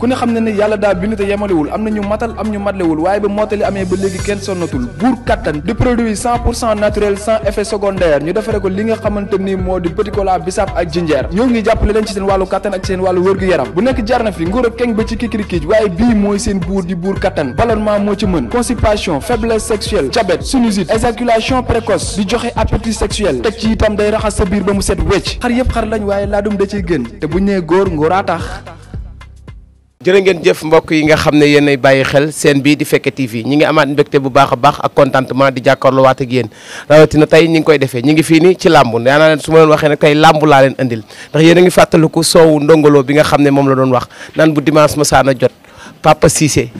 ku ne xam ne ne yàlla daal bind te yemalewul am na ñu matal am ñu matlewul waaye ba mottali amee ba léegi kenn sonnatul buur kattan di produit cent pour cent naturel sans effet secondaire ñu defare ko li nga xamante ni moo di petit bisaab ak jinjeer ñoo ngi jàppale leen ci seen wàllu kattan ak seen wàllu wërgu-yaram bu nekk jar na fi nguur ak keng ba ci kikirikiij waaye bii mooy seen buur di buur kattan ballonnement moo ci mën constipation faiblesse sexuelle diabète sinusite éjaculation précoce di joxe appétit sexuel teg ci itam day raxas sa biir ba mu set wecc xar yëpp xar lañ jërë ngeen jëf mbokk yi nga xam ne yéenay bàyyi xel seen bii di Fekke TV ñi ngi amaat mbégte bu baax a baax ak contentement di jàkkaarloowaat ak yéen rawatina tey ñi ngi koy defee ñi ngi fii ni ci làmb yaa leen su ma leen waxee nag tey làmb laa leen andil ndax yéen a ngi fàttaliku soowu ndongoloo bi nga xam ne moom la doon wax naan bu dimanche masaana jot Papa Cissé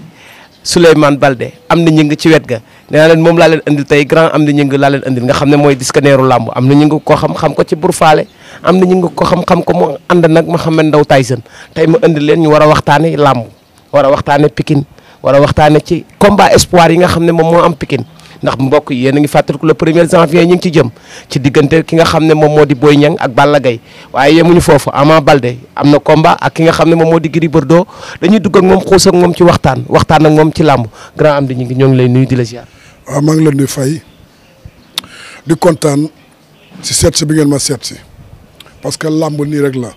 Souleymane Balde am na ñi ngi ci wet ga nee leen moom laa leen andil tey grand am na ñu ngi laa xam ne mooy diskeneeru làmb am na ñu ngi ko xam xam ko ci burfaale am na ñu ngi ko xam xam ko mu ànd nag Mouhamed tey ma andil leen ñu war a waxtaane làmb war a waxtaane Pikine war a waxtaane ci combat espoir yi nga xam ne moom moo am Pikine ndax mbokk yi yéen a ngi fàttaliku le premier janvier ñu ngi ci jëm ci diggante ki nga xam ne moom moo di Boy Niang ak Balla Gaye waaye yemuñu foofu Ama Baldé am na combat ak ki nga xam ne moom moo di Gris Bordeaux dañuy dugg ak moom xuus ak moom ci waxtaan waxtaan ak moom ci làmb grand am di ñu ngi nuyu di la ziar waaw maa ngi leen di fay di kontaan si seet si bi ngeen ma seet parce que làmb nii rek la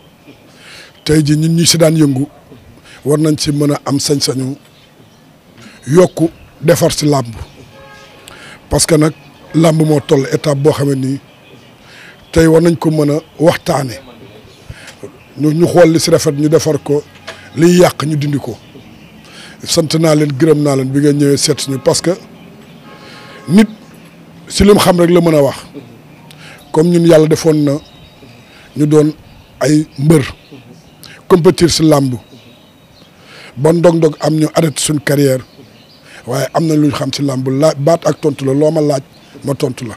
tey ji ñu ñi si daan yëngu war nañ ci mën a am sañ-sañu yokku defar si làmb parce que nag làmb moo toll étape boo xam ne nii tey war nañ ko mën a waxtaane ñu ñu xool li si rafet ñu defar ko liy yàq ñu dindi ko sant naa leen gërëm naa leen bi ngeen ñëwee seet ñu parce que nit si lim xam rek la mën a wax comme ñun yàlla defoon na ñu doon ay mbër compétir si làmb ba ndog-ndog am ñu arrêté suñ carrière waaye am na lu ñu xam si làmb laaj baat ak tontu la loo ma laaj ma tontu la.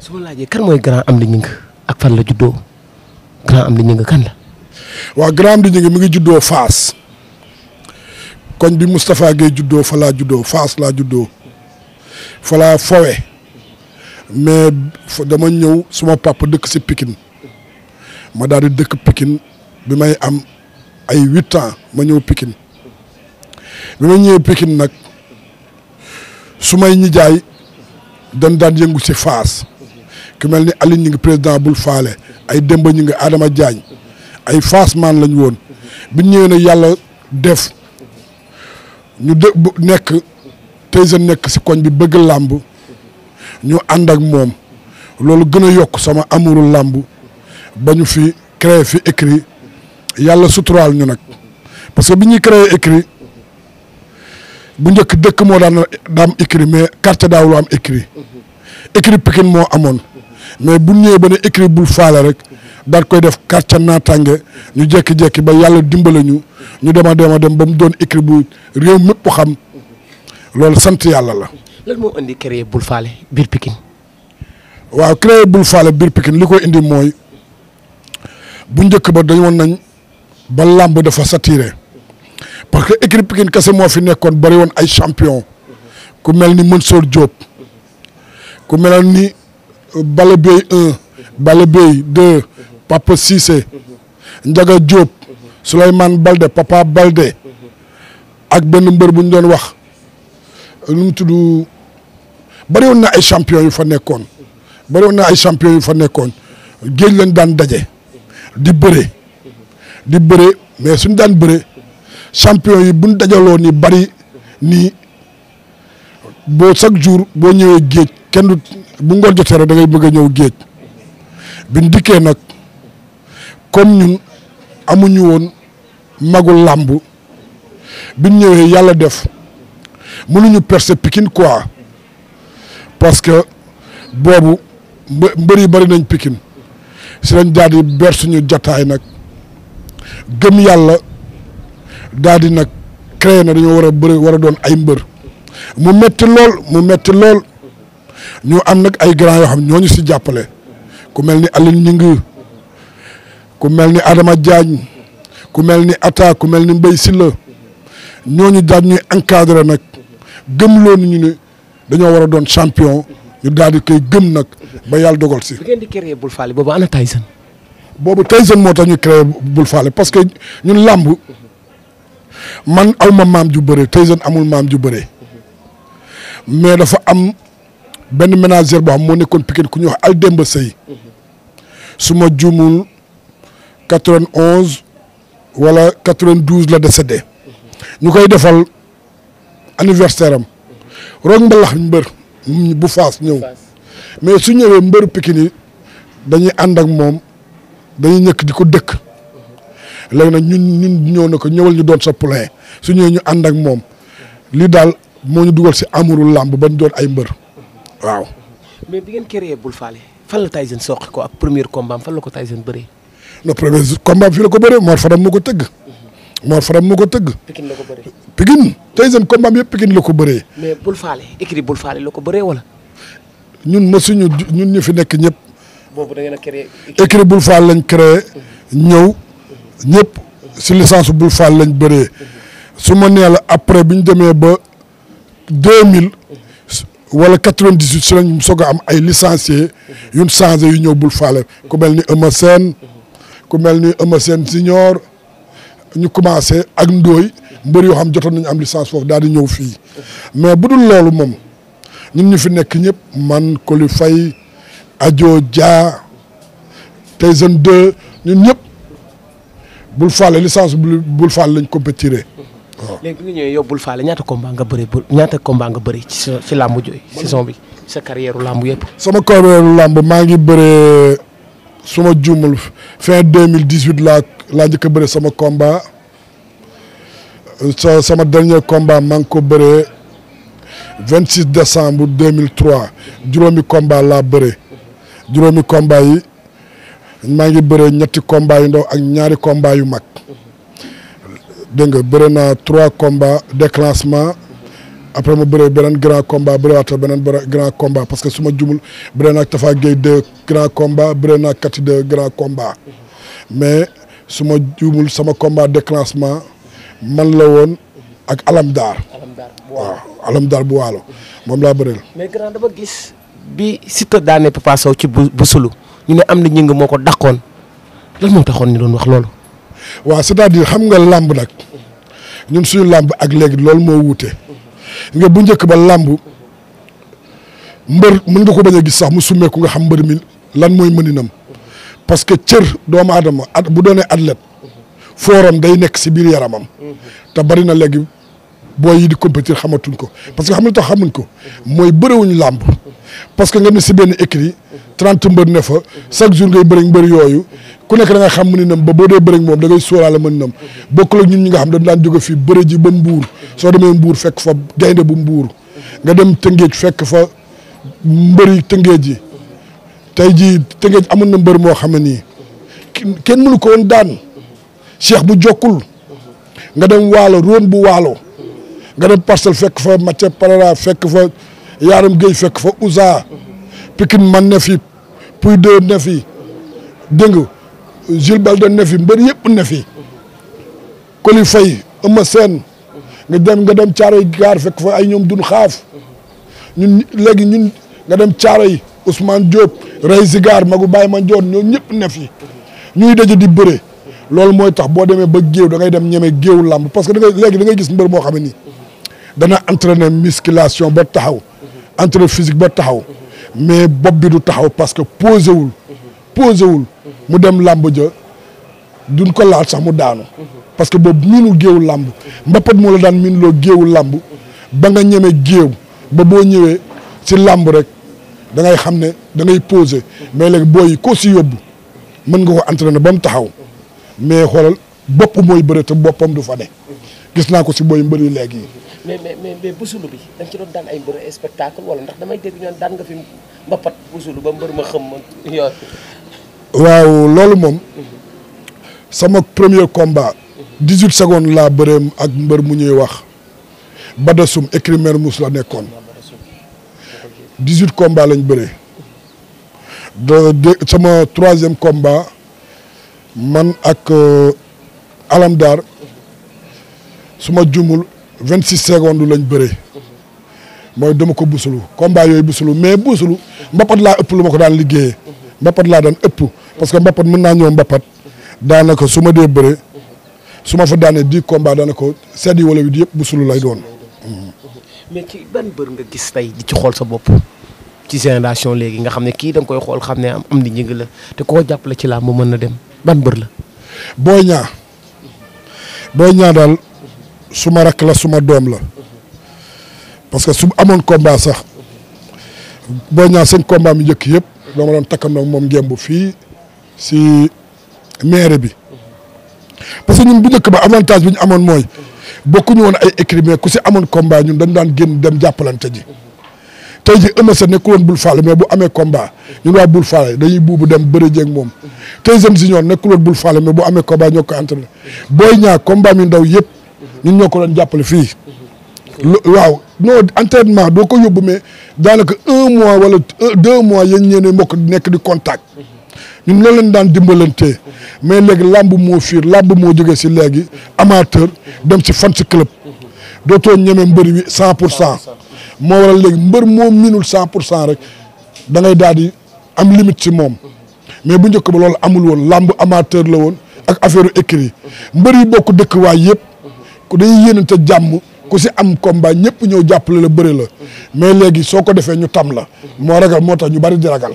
su ma laajee mooy grand Amdy Gningue ak fan la juddoo grand Amdy Gningue kan la. waaw grand Amdy Gningue mi ngi juddoo Faas koñ bi Moustapha Gueye juddoo fa laa juddoo Faas laa juddoo. fa laa fowe mais dama ñëw suma papa dëkk si Pikine ma daal dëkk pikin bi may am ay huit ans ma ñëw pikin bi ma ñëwee pikin nag su may ñi jaay daan yëngu si Fass ku mel ni Aliou ñing président bul faale ay Demba ñu ngi Adama jaañ ay Fass man lañ woon bi ñëwee nag yàlla def nekk. tey sa nekk si koñ bi bëgg làmb ñu ànd ak moom loolu gën a yokk sama amuru làmb ba ñu fi créé fi écrit yàlla suturaal ñu nag parce que bi ñuy créé écrit bu njëkk dëkk moo daan daam écrit mais quartier daawul am écrit écrit Pikine moo amoon mais bu ñëwee ba ne écrit bul faale rek daal koy def quartier naataange ñu jékki-jékki ba yàlla dimbale ñu ñu dema dema dem ba mu doon écrit bu réew mépp xam loolu sant yàlla la. lan moo indi créer Bul Falé biir Pikine. waaw créer Bul Falé biir Pikine li ko indi mooy bu njëkk ba dañu woon nañ ba làmb dafa saturé parce que équipe Pikine kese moo fi nekkoon bari woon ay champion ku mel ni Mansour Diop ku mel ni Balla Bèye 1 Balla Bèye 2 Papa Cissé Ndiaga Diop Souleymane Balde Papa Balde ak benn mbër bu ñu doon wax. nu mu tudd bëri woon na ay champion yu fa nekkoon bëri woon na ay champion yu fa nekkoon géej lañ daan daje di bëre di bëre mais suñ daan bëre champion yi buñ dajaloo ni bari nii boo chaque jour boo ñëwee géej kenn du bu ngoon jotee da ngay bëgg a ñëw géej biñ dikkee nag comme ñun amuñu woon magul làmb biñ ñëwee yàlla def mënuñu percer Pikine quoi parce que boobu mbër yi bëri nañ Pikine si lañ daal di ber suñu jotaay nag gëm yàlla daadi nag créé na dañoo war a bëri doon ay mbër mu metti lool mu metti lool ñu am nag ay grand yoo xam ñooñu si jàppale ku mel ni Aline Ngingue ku mel ni Adama Diagne ku mel ni Atta ku mel ni Mbaye Sylla ñooñu daal ñuy encadré nag gëmloo ñu ne dañoo war a doon champion ñu daal di koy gëm nag ba yàlla dogal si. bu ngeen di créer Bul boobu ana Tyson. boobu Tyson moo tax ñu créer Bul Fallé parce que ñun làmb man aw ma maam ju bëree Tyson amul maam ju bëree mais dafa am benn ménagère boo xam moo nekkoon Pikine ku ñuy wax al Demba Sey su ma juumul 91 wala 92 la de ñu koy defal. anniversaire am roog mbalax mbër bu faas ñëw mais su ñëwee mbër Pikine yi dañuy ànd ak moom dañuy ñëkk di ko dëkk léegi nag ñun ñun ñëw na ko ñëwal ñu doon sa poulain su ñëwee ñu ànd ak moom lii daal moo ñu dugal si amuru làmb ba ñu doon ay mbër waaw. mais bi ngeen créé Bul fan la Tyson soqi ko ak premier combat fan la ko Tyson bëree. non premier combat fii la ko bëree Mor moo ko tëgg. Mor Faram moo ko tëgg. Pikine la ko bëree. Pikine Tyson combat yëpp Pikine la ko bëree. mais bul faale écrit bul faale la ko bëree wala. ñun mosuñu ñun ñu fi nekk ñëpp. boobu da ngeen a créé. écrit bul faale lañ créé. ñëw ñëpp si licence bul faale lañ bëree. su ma nee la après bi ñu demee ba deux mille. wala quatre-vingt-dix-huit si lañ soog a am ay licenciés. yu changé yu ñëw bul faale. ku mel ni Eumeu ku mel ni Eumeu Sène Junior. ñu commencé ak ndooy mbër yoo xam jotoon nañu am licence foofu daal di ñëw fii mais bu dul loolu moom ñun ñu fi nekk ñëpp man Coly Faye Adio Dia Tyson 2 ñun ñëpp bul faale licence bul faale lañ compétiré waaw. léegi bi nga ñëwee yow bul faale ñaata combat nga bëri ñaata combat nga bëri ci sa ci làmb jooy saison bi sa carrière làmb yëpp. sama carrière làmb maa ngi bëree suma juumul fin deux mille dix huit laa laa njëkk a bëre sama combat sama dernier combat maa ko bëree 26 décembre 2003 juróomi combat laa bëree juróomi combat yi maa ngi bëree ñetti combat yu ndaw ak ñaari combat yu mag dégg nga bëre naa trois combat declancement après ma bëree beneen grand combat bëree waat beneen grand combat parce que suma ma jumul bëree naa Tafa Gueye deux grand combat bëree naa Kati deux grand combat mais. su ma juumul sama combat déclenchement man la woon ak alam daar waaw alam bu waalo moom laa bëreel mais grand dama gis bi Siteu daane Papa ci bu sulu ñu ne am na ñëng moo ko daqoon lan moo taxoon ñu doon wax loolu waaw c'est-à-dire xam nga làmb nag ñun suñu làmb ak léegi loolu moo wuute nga bu njëkk ba làmb mbër mën nga ko bañ a gis sax mu summeeku nga xam mbër mi lan mooy mëninam parce que cër doomu aadama at bu doonee athlète fooram day nekk si biir yaramam te bari na léegi boo yi di compétir xamatuñ ko parce que xam ne tax xamuñ ko mooy bëriwuñ làmb parce que nga ne si benn écrit trente mbër ne fa chaque jour ngay bëri mbër yooyu ku nekk da nga xam mën nam ba boo dee bëri moom da ngay sóoraale mën nam bokkul ak ñun ñi nga xam dañ daan jóge fii bëri ji ba mbuur soo demee mbuur fekk fa gaynde bu mbuur nga dem tëngeej fekk fa mbëri tëngeej yi tey jii Tëngéej amoon na mbër moo xam ne nii kenn mënu ko woon daan Cheikh bu jokkul nga dem waalo roon bu waalo nga dem parcelle fekk fa Mathieu Parara fekk fa Yaaram Gueye fekk fa Ousa Pikine man ne fi Pouy de ne fi dégg nga Jules Balde ne fi mbër yëpp ne fi Coly Faye Eumeu Sène nga dem nga dem Caaroy gaar fekk fa ay ñoom dun xaaf ñun ñun nga dem Caaroy Ousmane Diop Ray Zigar magu ma Mandione ñoo ñëpp ne ñu ñuy daje di bëre loolu mooy tax boo demee ba géew da ngay dem ñeme géew làmb parce que da ngay léegi da ngay gis mbër moo xam ne nii dana entraîner musculation ba taxaw entraîner physique ba taxaw mais bopp bi du taxaw parce que posé wul posé wul mu dem làmb ja duñ ko laal sax mu daanu parce que boobu u géew làmb mbappat moo la daan miin loo géewu làmb ba nga ñeme géew ba boo ñëwee si làmb rek da ngay xam ne dangay ngay posé mais léegi booy ko si yóbbu mën nga ko entraîné ba mu taxaw mais xoolal bopp mooy bëre te boppam du fa ne gis naa ko si booy mbëri léegi yi. mais mais mais busulu bi da ci doon daan ay mbër spectacle wala ndax damay dégg ñoom daan nga fi mbapat busulu ma xam ma waaw loolu moom. Mm-hmm. sama premier combat. 18 mm-hmm. secondes laa bëree ak mbër mu ñuy wax. Badasum écrit Mermoz la nekkoon. dix-huit combats lañ bëree de sama troisième combat man ak euh, alamdar su ma jumul vingt six secondes lañ bëree mooy dama ko busulu combat yooyu busulu mais busulu mbapat laa ëpp lu ma ko daan liggéeyee mbapat laa daan ëpp parce que mbapat mën naa ñëw mbapat daanaka su ma dee bëre su ma fa daanee dix combat daanaka sedd yi wala wit yëpp busulu lay doon mais ci xool sa bopp ci génération léegi nga xam ne kii da nga koy xool xam ne am am di njëg la te koo jàppale ci làmb mën na dem ban bër la. Boy Niang Boy Niang daal suma rakk la suma doom la parce que su amoon combat sax Boy Niang seen combat mi njëkk yëpp dama doon takkandoo moom ngemb fii si maire bi parce que ñun bu njëkk ba avantage bi ñu amoon mooy bokkuñu woon ay écrits ku si amoon combat ñun dañ daan génn dem jàppalante ji. tey ji Eumeu Sène nekkul woon bul faale mais bu amee combat ñun waa bul faale dañuy buubu dem bëri jéeg moom tey jeunes si ñoom bul faale mais bu amee combat ñoo ko booy ñaar combat mi ndaw yëpp ñun ñoo ko jàppale fii waaw non entraînement doo ko yóbbu mais daanaka un mois wala deux mois yéen ñeene mbokk nekk di contact ñun loolu lañ daan dimbalantee mais léegi làmb moo fiir làmb moo jógee si léegi amateur dem si fan si club dootoo ñeme mbër wi cent pour moo waral léegi mbër moo minul cent pour cent rek da ngay daal di am limite ci moom mais bu njëkk ba loolu amul woon làmb amateur la woon ak affaire écrit mbër yi bokk dëkkwaay yëpp ku dañuy yéenante jàmm ku si am combat ñëpp ñëw jàppale la bëri la mais léegi soo ko defee ñu tam la moo ragal moo tax ñu bari di ragal.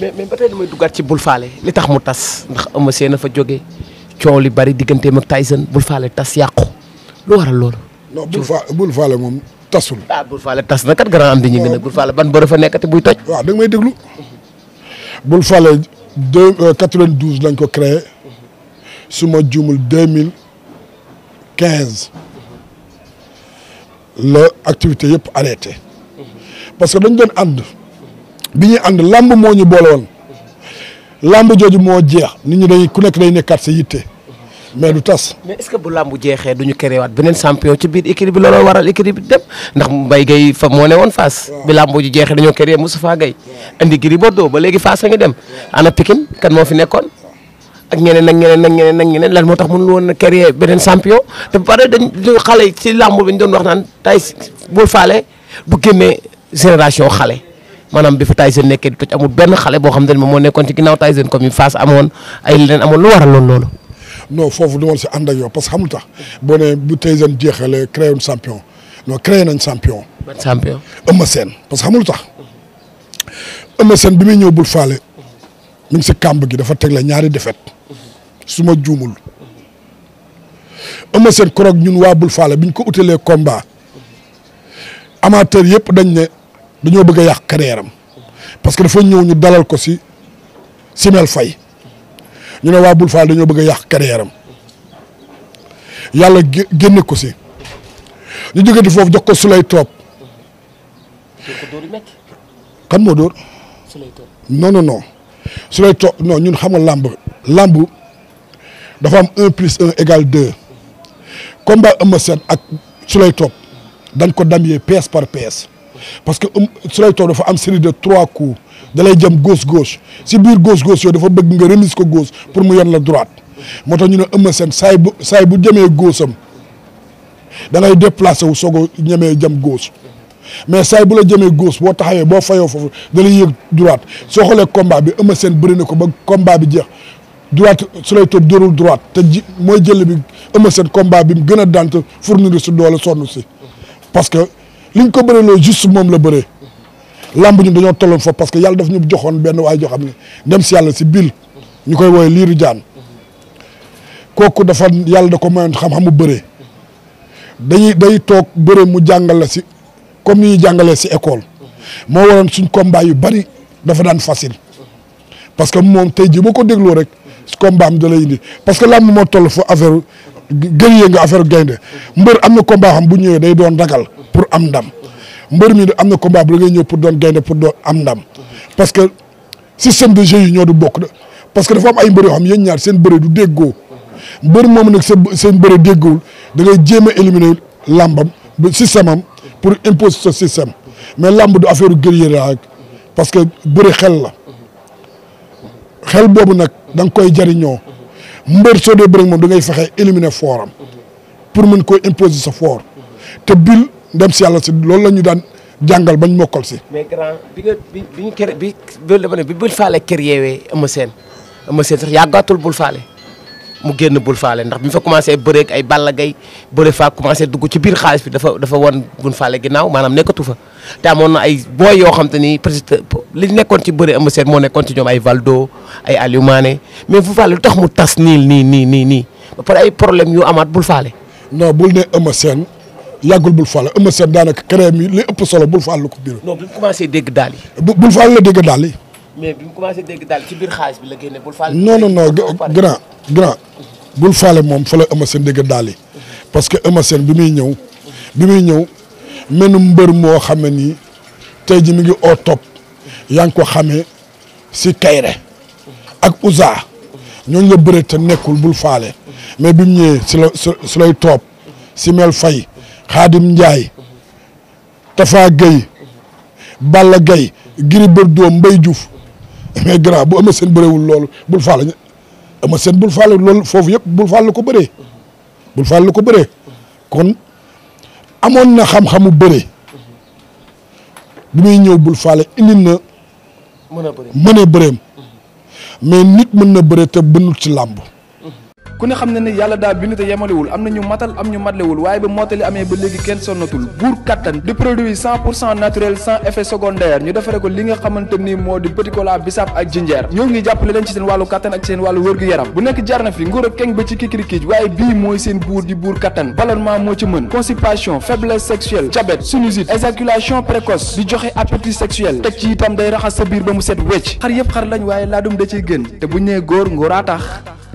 mais mais tey damay duggaat ci bul faale li tax mu tas ndax Eumeu Sène a fa jógee coow li bari digganteem ak Tyson bul faale tas yàqu lu waral loolu. non bul faale moom. tasul. ah bul faale tas na kat grand am di ñu gën a bul faale ban bërëb fa nekkati buy toj. waaw da may déglu bul faale euh, lañ ko créé suma ma juumul deux mille quinze la activité yëpp arrêté parce que dañ doon ànd bi ñuy ànd làmb moo ñu boole woon làmb jooju moo jeex nit ñu dañuy ku nekk day nekkaat sa yitte. mais du tas. mais est-ce que bu làmb jeexee du ñu créewaat beneen champion ci biir équipe bi looloo waral équipe bi dem ndax Mbaye Gueye fa moo ne woon Fass. bi làmb jeexee dañoo créé Moustapha Gueye. andi a ngi dem. ana nekkoon. ak ñeneen ak ñeneen ak ñeneen ak ñeneen lan moo tax mënul woon a créer beneen champion te pare dañ xale yi ci làmb bi ñu doon wax naan faale bu génnee génération xale. maanaam bi fa Tyson nekkee xale boo xam ne moo nekkoon ci ginnaaw Tyson comme ni Fass amoon ay leneen amoon lu waral loolu loolu. non foofu du woon si ànd ak yow parce que xamul tax boo nee bu Tyson jeexalee créé un champion non créé nañ champion. ban champion Eumeu Sène parce que xamul tax Eumeu bi muy ñëw bul faale. muñ si kàmb gi dafa teg la ñaari défaite. su ma juumul. Eumeu Sène koroog ñun waa bul faale bi ñu ko utalee combat. amateur yëpp dañ ne dañoo bëgg a yàq carrière parce que dafa ñëw ñu dalal ko si Simel fay ñu ne waa Boul Fall dañoo bëgg a yàq carrière am yàlla génne ko si ñu jógee foofu jox ko Souley Top. kan moo dóor. Souley Top non non non Souley Top non ñun xam nga làmb làmb dafa am un plus un égale deux combat Eumeu Sène ak Souley Top dañ ko damyee pièce par pièce parce que Souley Top dafa am série de trois coups. dalay jëm gauche gauche si biir gauche gauche yooyu dafa bëgg nga remise ko gauche pour mu yoon la droite moo tax ñu ne Eumeu Sène saay bu saay bu jëmee gauche am da ngay wu soog a ñemee jëm gauche saay bu la jamee gauche boo taxawee boo fayoo foofu da lay yéeg droite soo xoolee combat bi Eumeu Sène bëri na ko ba combat bi jeex droite su lay toog dóorul droite te ji mooy jël bi Eumeu Sène combat bi mu gën a dant fournir si doole sonn si parce que liñ ko bëree loo juste moom la bëree. lamb ñu dañoo tolloon foofu parce que yàlla daf ñu joxoon benn waay joo xam ne dem si yàlla si biir ñu koy woowee liiru jaan kooku dafa yàlla da ko mayoon xam-xamu bëree dañuy day toog bëree mu jàngal si comme ni ñuy jàngalee si école moo suñ combat yu bari dafa daan facile parce que moom tey jii boo ko dégloo rek combat am da lay parce que lamb moo toll fa affaire gën nga affaire gaynde mbër am na combat xam bu ñëwee day doon ragal pour am ndam. mbër mi am na combat bu la ngay ñëw pour doon gaynde pour doon am ndam parce que système de jeu ñoo du bokk da parce que dafa am ay mbër yoo xam yéen ñaar seen bëre du déggoo mbër moom nag seen bëre déggoowul da ngay jéem a éliminer làmbam ba système am pour imposer ce système mais làmb du affaire guerrier la parce que bëre xel la xel boobu nag da koy jariñoo mbër soo dee bëre moom dangay ngay fexe éliminer fort am pour mën koo imposer sa fort te bil dem si yàlla si loolu la ñu daan jàngal bañ mokkal si. mais grand bi bi bi ñu bi loolu dafa bul faale kër yeewee ama seen ama seen sax yàggaatul bul faale mu génn bul faale ndax bi fa commencé bëreeg ay Balla Gaye bëre faa commencé dugg ci biir xaalis bi dafa dafa wan bul faale ginnaaw maanaam nekkatu fa te na ay booy yoo xam te ni peut-être li nekkoon ci bëre ama seen moo nekkoon ci ñoom ay Valdo ay Aliou Mané mais bul faale lu tax mu tas nii nii nii nii nii ba pare ay problème yu amaat bul faale. non bul ne ama yàggul bul faale Eumeu Sène daanaka li ëpp bul faal la ko biir. non bi mu commencé dégg daal yi. bu bul faal la dégg daal yi. mais dégg daal ci biir xaalis bi la génne bul faale. non grand bul faale moom fa la Eumeu Sène parce que Eumeu bi muy ñëw. bi muy ñëw menu mbër moo xam ne nii tey ji mi ngi au top. yaa ngi ko xamee si Kayre. ak Ouza. ñooñu la bëre te nekkul bul faale. mais bi mu ñëwee si la si lay topp si mel fay. Xaadim Njaay Tafa Gueye Balla Gueye Gris Bordeaux Mbaye Diouf mais grand bu ama seen bëréewul loolu bul faala ama seen bul faala loolu foofu yëpp bul faal la ko bëree bul faal ko bëree kon amoon na xam-xamu bëree bi muy ñëw bul faale indi na mën bëreem mais nit mën na bëree te bënul ci làmb ku ne xam na ne yàlla daa bind te yemalewul am na ñu matal am ñu matlewul waaye ba mottali amee ba léegi kenn sonnatul buur kattan di produit cent pour cent naturel sans effet secondaire ñu defare ko li nga xamante ni moo di petit cola bisaab ak jinjeer ñoo ngi jàppale leen ci seen wàllu kattan ak seen wàllu wërgu yaram bu nekk na fi nguur ak keng ba ci kikirikiij waaye bii mooy seen buur di buur kattan ballonnement moo ci mën constipation faiblesse sexuelle diabète sinusite éjaculation précoce di joxe appétit sexuel teg ci itam day raxas sa biir ba mu set wecc xar yëpp xar lañ waaye laadum da ciy gën te bu ñu nee góor ngóoraa